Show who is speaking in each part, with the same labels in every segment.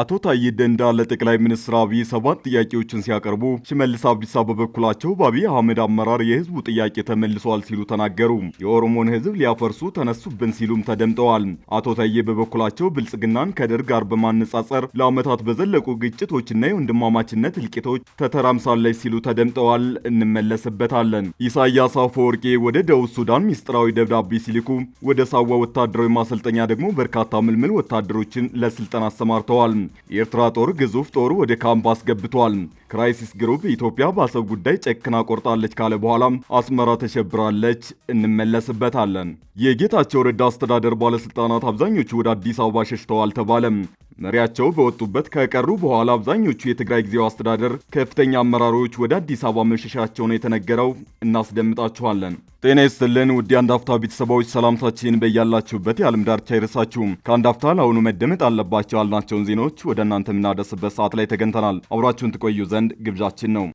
Speaker 1: አቶ ታዬ ደንዳ ለጠቅላይ ሚኒስትር አብይ ሰባት ጥያቄዎችን ሲያቀርቡ ሽመልስ አብዲሳ በበኩላቸው በአብይ አህመድ አመራር የህዝቡ ጥያቄ ተመልሷል ሲሉ ተናገሩ። የኦሮሞን ህዝብ ሊያፈርሱ ተነሱብን ሲሉም ተደምጠዋል። አቶ ታዬ በበኩላቸው ብልጽግናን ከደርግ ጋር በማነጻጸር ለዓመታት በዘለቁ ግጭቶችና የወንድማማችነት እልቂቶች ተተራምሳለች ሲሉ ተደምጠዋል። እንመለስበታለን። ኢሳያስ አፈወርቄ ወደ ደቡብ ሱዳን ሚስጥራዊ ደብዳቤ ሲልኩ፣ ወደ ሳዋ ወታደራዊ ማሰልጠኛ ደግሞ በርካታ ምልምል ወታደሮችን ለስልጠና አሰማርተዋል። የኤርትራ ጦር ግዙፍ ጦር ወደ ካምፕ አስገብቷል። ክራይሲስ ግሩፕ ኢትዮጵያ በአሰብ ጉዳይ ጨክና ቆርጣለች ካለ በኋላ አስመራ ተሸብራለች፣ እንመለስበታለን። የጌታቸው ረዳ አስተዳደር ባለስልጣናት አብዛኞቹ ወደ አዲስ አበባ ሸሽተዋል ተባለም። መሪያቸው በወጡበት ከቀሩ በኋላ አብዛኞቹ የትግራይ ጊዜው አስተዳደር ከፍተኛ አመራሮች ወደ አዲስ አበባ መሸሻቸው ነው የተነገረው። እናስደምጣችኋለን። ጤና ይስጥልን ውድ የአንድ አፍታ ቤተሰቦች፣ ሰላምታችን በያላችሁበት የዓለም ዳርቻ አይረሳችሁም። ከአንድ አፍታ ለአሁኑ መደመጥ አለባቸው ያልናቸውን ዜናዎች ወደ እናንተ የምናደርስበት ሰዓት ላይ ተገኝተናል። አብራችሁን ትቆዩ ዘንድ ግብዣችን ነው።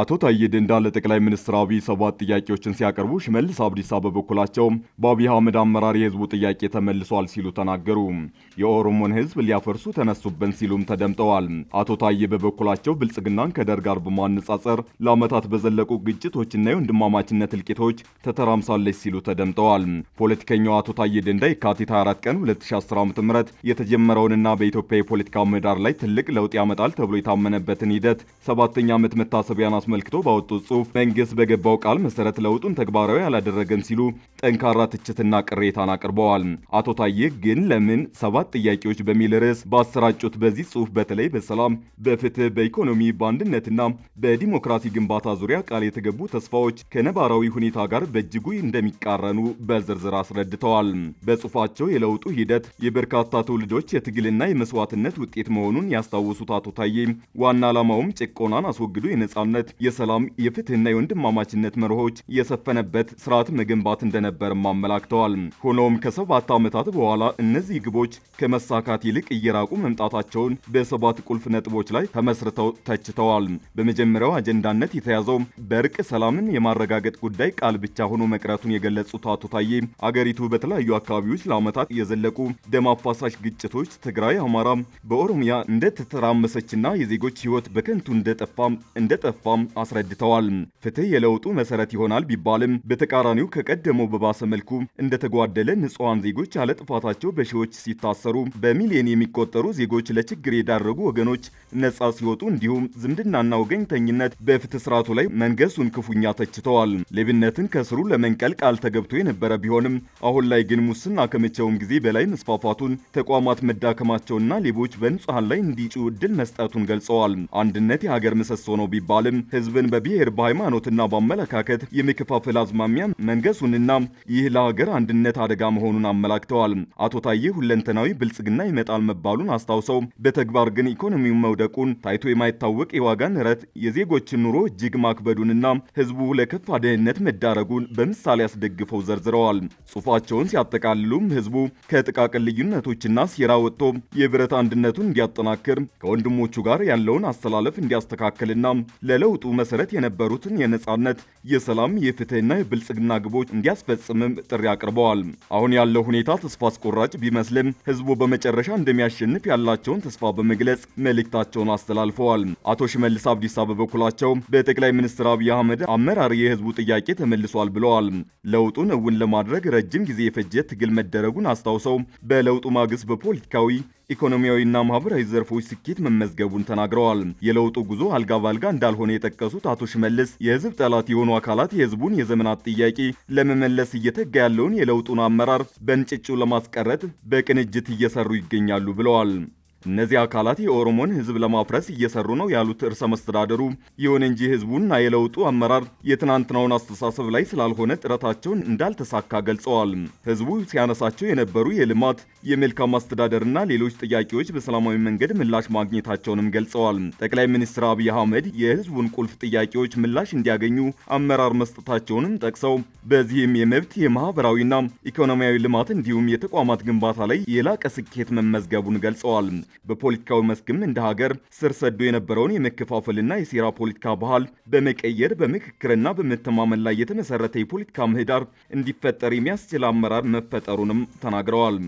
Speaker 1: አቶ ታዬ ደንዳ ለጠቅላይ ሚኒስትር አብይ ሰባት ጥያቄዎችን ሲያቀርቡ ሽመልስ አብዲሳ በበኩላቸው በአብይ አህመድ አመራር የህዝቡ ጥያቄ ተመልሷል ሲሉ ተናገሩ። የኦሮሞን ህዝብ ሊያፈርሱ ተነሱብን ሲሉም ተደምጠዋል። አቶ ታዬ በበኩላቸው ብልጽግናን ከደር ጋር በማነጻጸር ለዓመታት በዘለቁ ግጭቶችና የወንድማማችነት እልቂቶች ተተራምሳለች ሲሉ ተደምጠዋል። ፖለቲከኛው አቶ ታዬ ደንዳ የካቲት 24 ቀን 2010 ዓ.ም የተጀመረውንና በኢትዮጵያ የፖለቲካ ምህዳር ላይ ትልቅ ለውጥ ያመጣል ተብሎ የታመነበትን ሂደት ሰባተኛ ዓመት መታሰቢያ አስመልክቶ ባወጡት ጽሁፍ መንግስት በገባው ቃል መሰረት ለውጡን ተግባራዊ አላደረገም ሲሉ ጠንካራ ትችትና ቅሬታን አቅርበዋል። አቶ ታዬ ግን ለምን ሰባት ጥያቄዎች በሚል ርዕስ ባሰራጩት በዚህ ጽሁፍ በተለይ በሰላም፣ በፍትህ፣ በኢኮኖሚ፣ በአንድነትና በዲሞክራሲ ግንባታ ዙሪያ ቃል የተገቡ ተስፋዎች ከነባራዊ ሁኔታ ጋር በእጅጉ እንደሚቃረኑ በዝርዝር አስረድተዋል። በጽሁፋቸው የለውጡ ሂደት የበርካታ ትውልዶች የትግልና የመስዋዕትነት ውጤት መሆኑን ያስታወሱት አቶ ታዬ ዋና ዓላማውም ጭቆናን አስወግዶ የነጻነት የሰላም የፍትህና የወንድማማችነት መርሆች የሰፈነበት ስርዓት መገንባት እንደነበርም አመላክተዋል። ሆኖም ከሰባት ዓመታት በኋላ እነዚህ ግቦች ከመሳካት ይልቅ እየራቁ መምጣታቸውን በሰባት ቁልፍ ነጥቦች ላይ ተመስርተው ተችተዋል። በመጀመሪያው አጀንዳነት የተያዘው በእርቅ ሰላምን የማረጋገጥ ጉዳይ ቃል ብቻ ሆኖ መቅረቱን የገለጹት አቶ ታዬ አገሪቱ በተለያዩ አካባቢዎች ለዓመታት የዘለቁ ደም አፋሳሽ ግጭቶች ትግራይ፣ አማራ፣ በኦሮሚያ እንደተተራመሰችና የዜጎች ህይወት በከንቱ እንደጠፋም እንደጠፋም አስረድተዋል። ፍትህ የለውጡ መሰረት ይሆናል ቢባልም በተቃራኒው ከቀደመው በባሰ መልኩ እንደተጓደለ ንጹሐን ዜጎች ያለ ጥፋታቸው በሺዎች ሲታሰሩ በሚሊዮን የሚቆጠሩ ዜጎች ለችግር የዳረጉ ወገኖች ነጻ ሲወጡ እንዲሁም ዝምድናና ወገኝተኝነት በፍትህ ስርዓቱ ላይ መንገሱን ክፉኛ ተችተዋል። ሌብነትን ከስሩ ለመንቀል ቃል ተገብቶ የነበረ ቢሆንም አሁን ላይ ግን ሙስና ከመቼውም ጊዜ በላይ መስፋፋቱን፣ ተቋማት መዳከማቸውና ሌቦች በንጹሐን ላይ እንዲጩ እድል መስጠቱን ገልጸዋል። አንድነት የሀገር ምሰሶ ነው ቢባልም ህዝብን በብሔር በሃይማኖትና በአመለካከት የሚከፋፈል አዝማሚያ መንገሱንና ይህ ለሀገር አንድነት አደጋ መሆኑን አመላክተዋል። አቶ ታዬ ሁለንተናዊ ብልጽግና ይመጣል መባሉን አስታውሰው በተግባር ግን ኢኮኖሚው መውደቁን፣ ታይቶ የማይታወቅ የዋጋ ንረት የዜጎችን ኑሮ እጅግ ማክበዱንና ህዝቡ ለከፋ ደህንነት መዳረጉን በምሳሌ አስደግፈው ዘርዝረዋል። ጽሑፋቸውን ሲያጠቃልሉም ህዝቡ ከጥቃቅን ልዩነቶችና ሴራ ወጥቶ የብረት አንድነቱን እንዲያጠናክር ከወንድሞቹ ጋር ያለውን አስተላለፍ እንዲያስተካክልና ለለውጥ ለውጡ መሰረት የነበሩትን የነጻነት፣ የሰላም፣ የፍትህና የብልጽግና ግቦች እንዲያስፈጽምም ጥሪ አቅርበዋል። አሁን ያለው ሁኔታ ተስፋ አስቆራጭ ቢመስልም ህዝቡ በመጨረሻ እንደሚያሸንፍ ያላቸውን ተስፋ በመግለጽ መልእክታቸውን አስተላልፈዋል። አቶ ሽመልስ አብዲሳ በበኩላቸው በጠቅላይ ሚኒስትር አብይ አህመድ አመራር የህዝቡ ጥያቄ ተመልሷል ብለዋል። ለውጡን እውን ለማድረግ ረጅም ጊዜ የፈጀ ትግል መደረጉን አስታውሰው በለውጡ ማግስት በፖለቲካዊ ኢኮኖሚያዊና ማህበራዊ ዘርፎች ስኬት መመዝገቡን ተናግረዋል። የለውጡ ጉዞ አልጋ ባልጋ እንዳልሆነ የጠቀሱት አቶ ሽመልስ የህዝብ ጠላት የሆኑ አካላት የህዝቡን የዘመናት ጥያቄ ለመመለስ እየተጋ ያለውን የለውጡን አመራር በእንጭጩ ለማስቀረት በቅንጅት እየሰሩ ይገኛሉ ብለዋል። እነዚህ አካላት የኦሮሞን ህዝብ ለማፍረስ እየሰሩ ነው ያሉት እርሰ መስተዳደሩ፣ ይሁን እንጂ ህዝቡና የለውጡ አመራር የትናንትናውን አስተሳሰብ ላይ ስላልሆነ ጥረታቸውን እንዳልተሳካ ገልጸዋል። ህዝቡ ሲያነሳቸው የነበሩ የልማት የመልካም አስተዳደርና ሌሎች ጥያቄዎች በሰላማዊ መንገድ ምላሽ ማግኘታቸውንም ገልጸዋል። ጠቅላይ ሚኒስትር አብይ አህመድ የህዝቡን ቁልፍ ጥያቄዎች ምላሽ እንዲያገኙ አመራር መስጠታቸውንም ጠቅሰው በዚህም የመብት የማህበራዊና ኢኮኖሚያዊ ልማት እንዲሁም የተቋማት ግንባታ ላይ የላቀ ስኬት መመዝገቡን ገልጸዋል። በፖለቲካዊ መስክም እንደ ሀገር ስር ሰዶ የነበረውን የመከፋፈልና የሴራ ፖለቲካ ባህል በመቀየር በምክክርና በመተማመን ላይ የተመሰረተ የፖለቲካ ምህዳር እንዲፈጠር የሚያስችል አመራር መፈጠሩንም ተናግረዋል።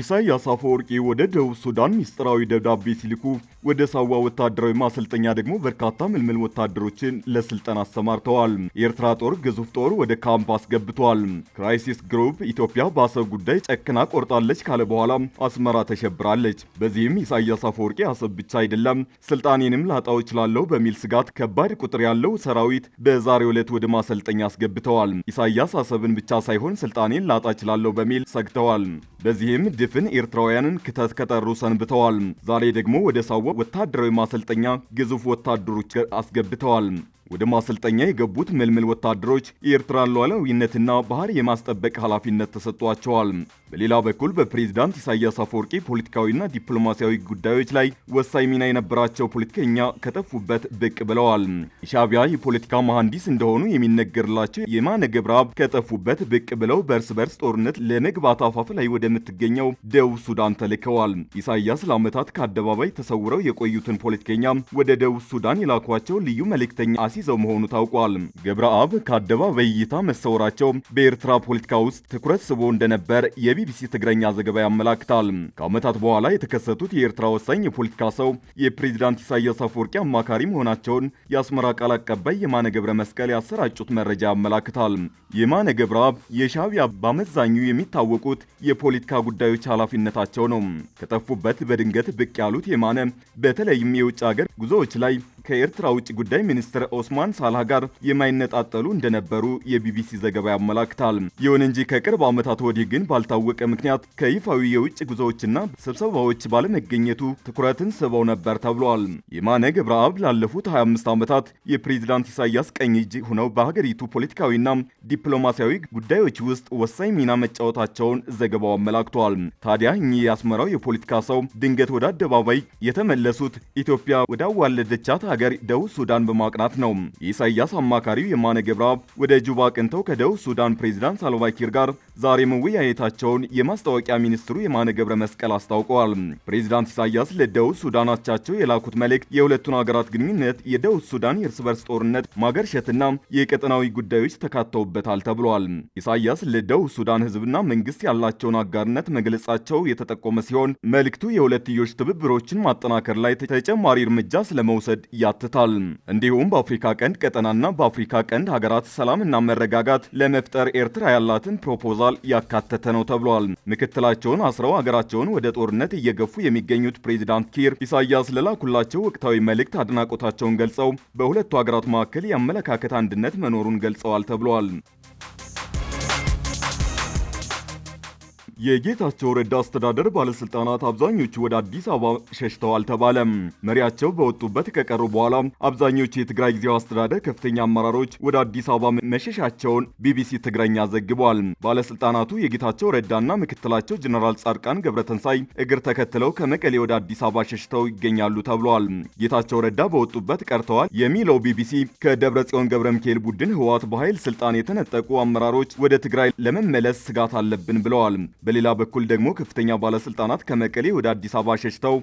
Speaker 1: ኢሳያስ አፈወርቂ ወደ ደቡብ ሱዳን ሚስጥራዊ ደብዳቤ ሲልኩ ወደ ሳዋ ወታደራዊ ማሰልጠኛ ደግሞ በርካታ ምልምል ወታደሮችን ለስልጠና አሰማርተዋል። የኤርትራ ጦር ግዙፍ ጦር ወደ ካምፕ አስገብቷል። ክራይሲስ ግሩፕ ኢትዮጵያ በአሰብ ጉዳይ ጨክና ቆርጣለች ካለ በኋላ አስመራ ተሸብራለች። በዚህም ኢሳያስ አፈወርቂ አሰብ ብቻ አይደለም ስልጣኔንም ላጣው እችላለሁ በሚል ስጋት ከባድ ቁጥር ያለው ሰራዊት በዛሬው ዕለት ወደ ማሰልጠኛ አስገብተዋል። ኢሳያስ አሰብን ብቻ ሳይሆን ስልጣኔን ላጣ እችላለሁ በሚል ሰግተዋል። በዚህም ድፍን ኤርትራውያንን ክተት ከጠሩ ሰንብተዋል። ዛሬ ደግሞ ወደ ሳዋ ወታደራዊ ማሰልጠኛ ግዙፍ ወታደሮች አስገብተዋል። ወደ ማሰልጠኛ የገቡት ምልምል ወታደሮች የኤርትራን ሉዓላዊነትና ባህር የማስጠበቅ ኃላፊነት ተሰጥቷቸዋል። በሌላ በኩል በፕሬዝዳንት ኢሳያስ አፈወርቂ ፖለቲካዊና ዲፕሎማሲያዊ ጉዳዮች ላይ ወሳኝ ሚና የነበራቸው ፖለቲከኛ ከጠፉበት ብቅ ብለዋል። የሻዕቢያ የፖለቲካ መሐንዲስ እንደሆኑ የሚነገርላቸው የማነ ገብረአብ ከጠፉበት ብቅ ብለው በእርስ በርስ ጦርነት ለመግባት አፋፍ ላይ ወደምትገኘው ደቡብ ሱዳን ተልከዋል። ኢሳያስ ለዓመታት ከአደባባይ ተሰውረው የቆዩትን ፖለቲከኛ ወደ ደቡብ ሱዳን የላኳቸው ልዩ መልእክተኛ አሲ ይዘው መሆኑ ታውቋል። ገብረአብ ከአደባባይ እይታ መሰወራቸው በኤርትራ ፖለቲካ ውስጥ ትኩረት ስቦ እንደነበር የቢቢሲ ትግረኛ ዘገባ ያመላክታል። ከዓመታት በኋላ የተከሰቱት የኤርትራ ወሳኝ የፖለቲካ ሰው የፕሬዚዳንት ኢሳያስ አፈወርቂ አማካሪ መሆናቸውን የአስመራ ቃል አቀባይ የማነ ገብረ መስቀል ያሰራጩት መረጃ ያመላክታል። የማነ ገብረአብ የሻቢያ በአመዛኙ የሚታወቁት የፖለቲካ ጉዳዮች ኃላፊነታቸው ነው። ከጠፉበት በድንገት ብቅ ያሉት የማነ በተለይም የውጭ ሀገር ጉዞዎች ላይ ከኤርትራ ውጭ ጉዳይ ሚኒስትር ኦስማን ሳላህ ጋር የማይነጣጠሉ እንደነበሩ የቢቢሲ ዘገባ ያመላክታል። ይሁን እንጂ ከቅርብ ዓመታት ወዲህ ግን ባልታወቀ ምክንያት ከይፋዊ የውጭ ጉዞዎችና ስብሰባዎች ባለመገኘቱ ትኩረትን ስበው ነበር ተብሏል። የማነ ገብረአብ ላለፉት 25 ዓመታት የፕሬዚዳንት ኢሳያስ ቀኝ እጅ ሆነው በሀገሪቱ ፖለቲካዊና ዲፕሎማሲያዊ ጉዳዮች ውስጥ ወሳኝ ሚና መጫወታቸውን ዘገባው አመላክቷል። ታዲያ እኚህ የአስመራው የፖለቲካ ሰው ድንገት ወደ አደባባይ የተመለሱት ኢትዮጵያ ወዳዋለደቻት ሀገር ደቡብ ሱዳን በማቅናት ነው። የኢሳያስ አማካሪው የማነ ገብረአብ ወደ ጁባ ቅንተው ከደቡብ ሱዳን ፕሬዚዳንት ሳልቫኪር ጋር ዛሬ መወያየታቸውን የማስታወቂያ ሚኒስትሩ የማነ ገብረ መስቀል አስታውቀዋል። ፕሬዚዳንት ኢሳያስ ለደቡብ ሱዳን አቻቸው የላኩት መልእክት የሁለቱን ሀገራት ግንኙነት፣ የደቡብ ሱዳን የእርስ በርስ ጦርነት ማገርሸትና የቀጠናዊ ጉዳዮች ተካተውበታል ተብሏል። ኢሳያስ ለደቡብ ሱዳን ህዝብና መንግስት ያላቸውን አጋርነት መግለጻቸው የተጠቆመ ሲሆን መልእክቱ የሁለትዮሽ ትብብሮችን ማጠናከር ላይ ተጨማሪ እርምጃ ስለመውሰድ ያትታል። እንዲሁም በአፍሪካ ቀንድ ቀጠናና በአፍሪካ ቀንድ ሀገራት ሰላምና መረጋጋት ለመፍጠር ኤርትራ ያላትን ፕሮፖዛል ያካተተ ነው ተብሏል። ምክትላቸውን አስረው ሀገራቸውን ወደ ጦርነት እየገፉ የሚገኙት ፕሬዚዳንት ኪር ኢሳያስ ለላኩላቸው ወቅታዊ መልእክት አድናቆታቸውን ገልጸው በሁለቱ ሀገራት መካከል የአመለካከት አንድነት መኖሩን ገልጸዋል ተብሏል። የጌታቸው ረዳ አስተዳደር ባለስልጣናት አብዛኞቹ ወደ አዲስ አበባ ሸሽተዋል ተባለ። መሪያቸው በወጡበት ከቀሩ በኋላ አብዛኞቹ የትግራይ ጊዜያዊ አስተዳደር ከፍተኛ አመራሮች ወደ አዲስ አበባ መሸሻቸውን ቢቢሲ ትግረኛ ዘግቧል። ባለስልጣናቱ የጌታቸው ረዳና ምክትላቸው ጀነራል ጻድቃን ገብረተንሳይ እግር ተከትለው ከመቀሌ ወደ አዲስ አበባ ሸሽተው ይገኛሉ ተብሏል። ጌታቸው ረዳ በወጡበት ቀርተዋል የሚለው ቢቢሲ ከደብረ ጽዮን ገብረ ሚካኤል ቡድን ህወሓት በኃይል ስልጣን የተነጠቁ አመራሮች ወደ ትግራይ ለመመለስ ስጋት አለብን ብለዋል። በሌላ በኩል ደግሞ ከፍተኛ ባለስልጣናት ከመቀሌ ወደ አዲስ አበባ ሸሽተው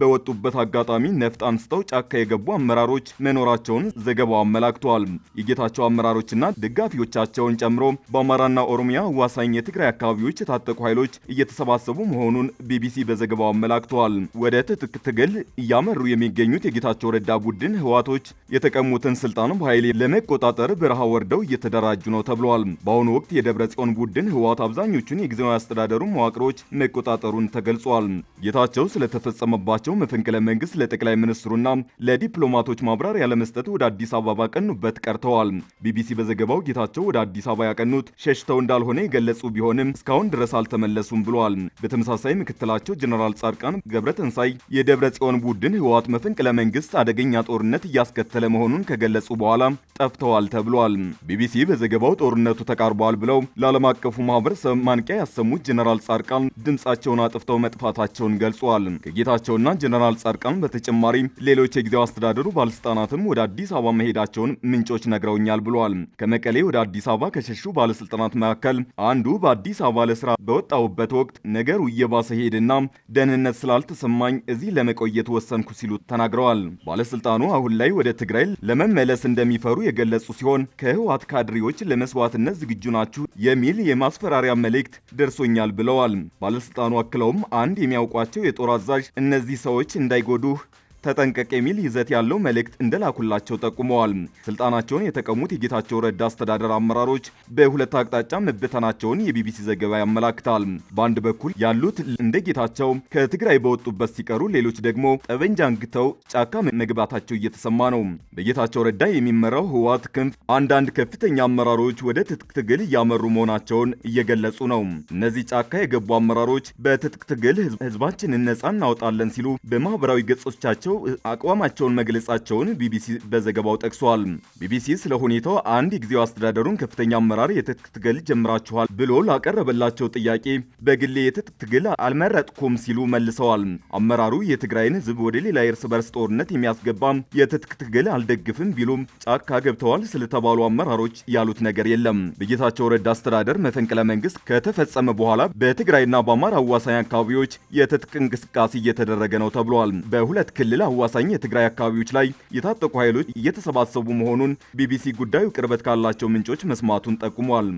Speaker 1: በወጡበት አጋጣሚ ነፍጥ አንስተው ጫካ የገቡ አመራሮች መኖራቸውን ዘገባው አመላክቷል። የጌታቸው አመራሮችና ደጋፊዎቻቸውን ጨምሮ በአማራና ኦሮሚያ ዋሳኝ የትግራይ አካባቢዎች የታጠቁ ኃይሎች እየተሰባሰቡ መሆኑን ቢቢሲ በዘገባው አመላክቷል። ወደ ትጥቅ ትግል እያመሩ የሚገኙት የጌታቸው ረዳ ቡድን ህዋቶች የተቀሙትን ስልጣን በኃይል ለመቆጣጠር በረሃ ወርደው እየተደራጁ ነው ተብሏል። በአሁኑ ወቅት የደብረ ጽዮን ቡድን ህዋት አብዛኞቹን የጊዜያዊ አስተዳደሩ መዋቅሮች መቆጣጠሩን ተገልጿል። ጌታቸው ስለተፈጸመባቸው በመሆናቸው መፈንቅለ መንግስት ለጠቅላይ ሚኒስትሩና ለዲፕሎማቶች ማብራሪያ ለመስጠት ወደ አዲስ አበባ ቀኑበት ቀርተዋል። ቢቢሲ በዘገባው ጌታቸው ወደ አዲስ አበባ ያቀኑት ሸሽተው እንዳልሆነ የገለጹ ቢሆንም እስካሁን ድረስ አልተመለሱም ብሏል። በተመሳሳይ ምክትላቸው ጀነራል ጻድቃን ገብረተንሳይ የደብረ ጽዮን ቡድን ህወሓት መፈንቅለ መንግስት አደገኛ ጦርነት እያስከተለ መሆኑን ከገለጹ በኋላ ጠፍተዋል ተብሏል። ቢቢሲ በዘገባው ጦርነቱ ተቃርቧል ብለው ለዓለም አቀፉ ማህበረሰብ ማንቂያ ያሰሙት ጀነራል ጻድቃን ድምጻቸውን አጥፍተው መጥፋታቸውን ገልጿል። ከጌታቸውና ጀነራል ጻድቃን በተጨማሪ ሌሎች የጊዜው አስተዳደሩ ባለስልጣናትም ወደ አዲስ አበባ መሄዳቸውን ምንጮች ነግረውኛል ብለዋል። ከመቀሌ ወደ አዲስ አበባ ከሸሹ ባለስልጣናት መካከል አንዱ በአዲስ አበባ ለስራ በወጣሁበት ወቅት ነገሩ እየባሰ ሄድና ደህንነት ስላልተሰማኝ እዚህ ለመቆየት ወሰንኩ ሲሉ ተናግረዋል። ባለስልጣኑ አሁን ላይ ወደ ትግራይ ለመመለስ እንደሚፈሩ የገለጹ ሲሆን ከህወሓት ካድሬዎች ለመስዋዕትነት ዝግጁ ናችሁ የሚል የማስፈራሪያ መልእክት ደርሶኛል ብለዋል። ባለስልጣኑ አክለውም አንድ የሚያውቋቸው የጦር አዛዥ እነዚህ ሰዎች እንዳይጎዱህ ተጠንቀቅ የሚል ይዘት ያለው መልእክት እንደላኩላቸው ጠቁመዋል። ስልጣናቸውን የተቀሙት የጌታቸው ረዳ አስተዳደር አመራሮች በሁለት አቅጣጫ መበተናቸውን የቢቢሲ ዘገባ ያመላክታል። በአንድ በኩል ያሉት እንደ ጌታቸው ከትግራይ በወጡበት ሲቀሩ፣ ሌሎች ደግሞ ጠበንጃ አንግተው ጫካ መግባታቸው እየተሰማ ነው። በጌታቸው ረዳ የሚመራው ህወሓት ክንፍ አንዳንድ ከፍተኛ አመራሮች ወደ ትጥቅ ትግል እያመሩ መሆናቸውን እየገለጹ ነው። እነዚህ ጫካ የገቡ አመራሮች በትጥቅ ትግል ህዝባችንን ነጻ እናወጣለን ሲሉ በማህበራዊ ገጾቻቸው በመሆናቸው አቋማቸውን መግለጻቸውን ቢቢሲ በዘገባው ጠቅሷል። ቢቢሲ ስለ ሁኔታው አንድ የጊዜው አስተዳደሩን ከፍተኛ አመራር የትጥቅ ትግል ጀምራችኋል ብሎ ላቀረበላቸው ጥያቄ በግሌ የትጥቅ ትግል አልመረጥኩም ሲሉ መልሰዋል። አመራሩ የትግራይን ህዝብ ወደ ሌላ የእርስ በርስ ጦርነት የሚያስገባም የትጥቅ ትግል አልደግፍም ቢሉም ጫካ ገብተዋል ስለተባሉ አመራሮች ያሉት ነገር የለም። በጌታቸው ረዳ አስተዳደር መፈንቅለ መንግስት ከተፈጸመ በኋላ በትግራይና በአማራ አዋሳኝ አካባቢዎች የትጥቅ እንቅስቃሴ እየተደረገ ነው ተብሏል። በሁለት ክልል አዋሳኝ የትግራይ አካባቢዎች ላይ የታጠቁ ኃይሎች እየተሰባሰቡ መሆኑን ቢቢሲ ጉዳዩ ቅርበት ካላቸው ምንጮች መስማቱን ጠቁሟል።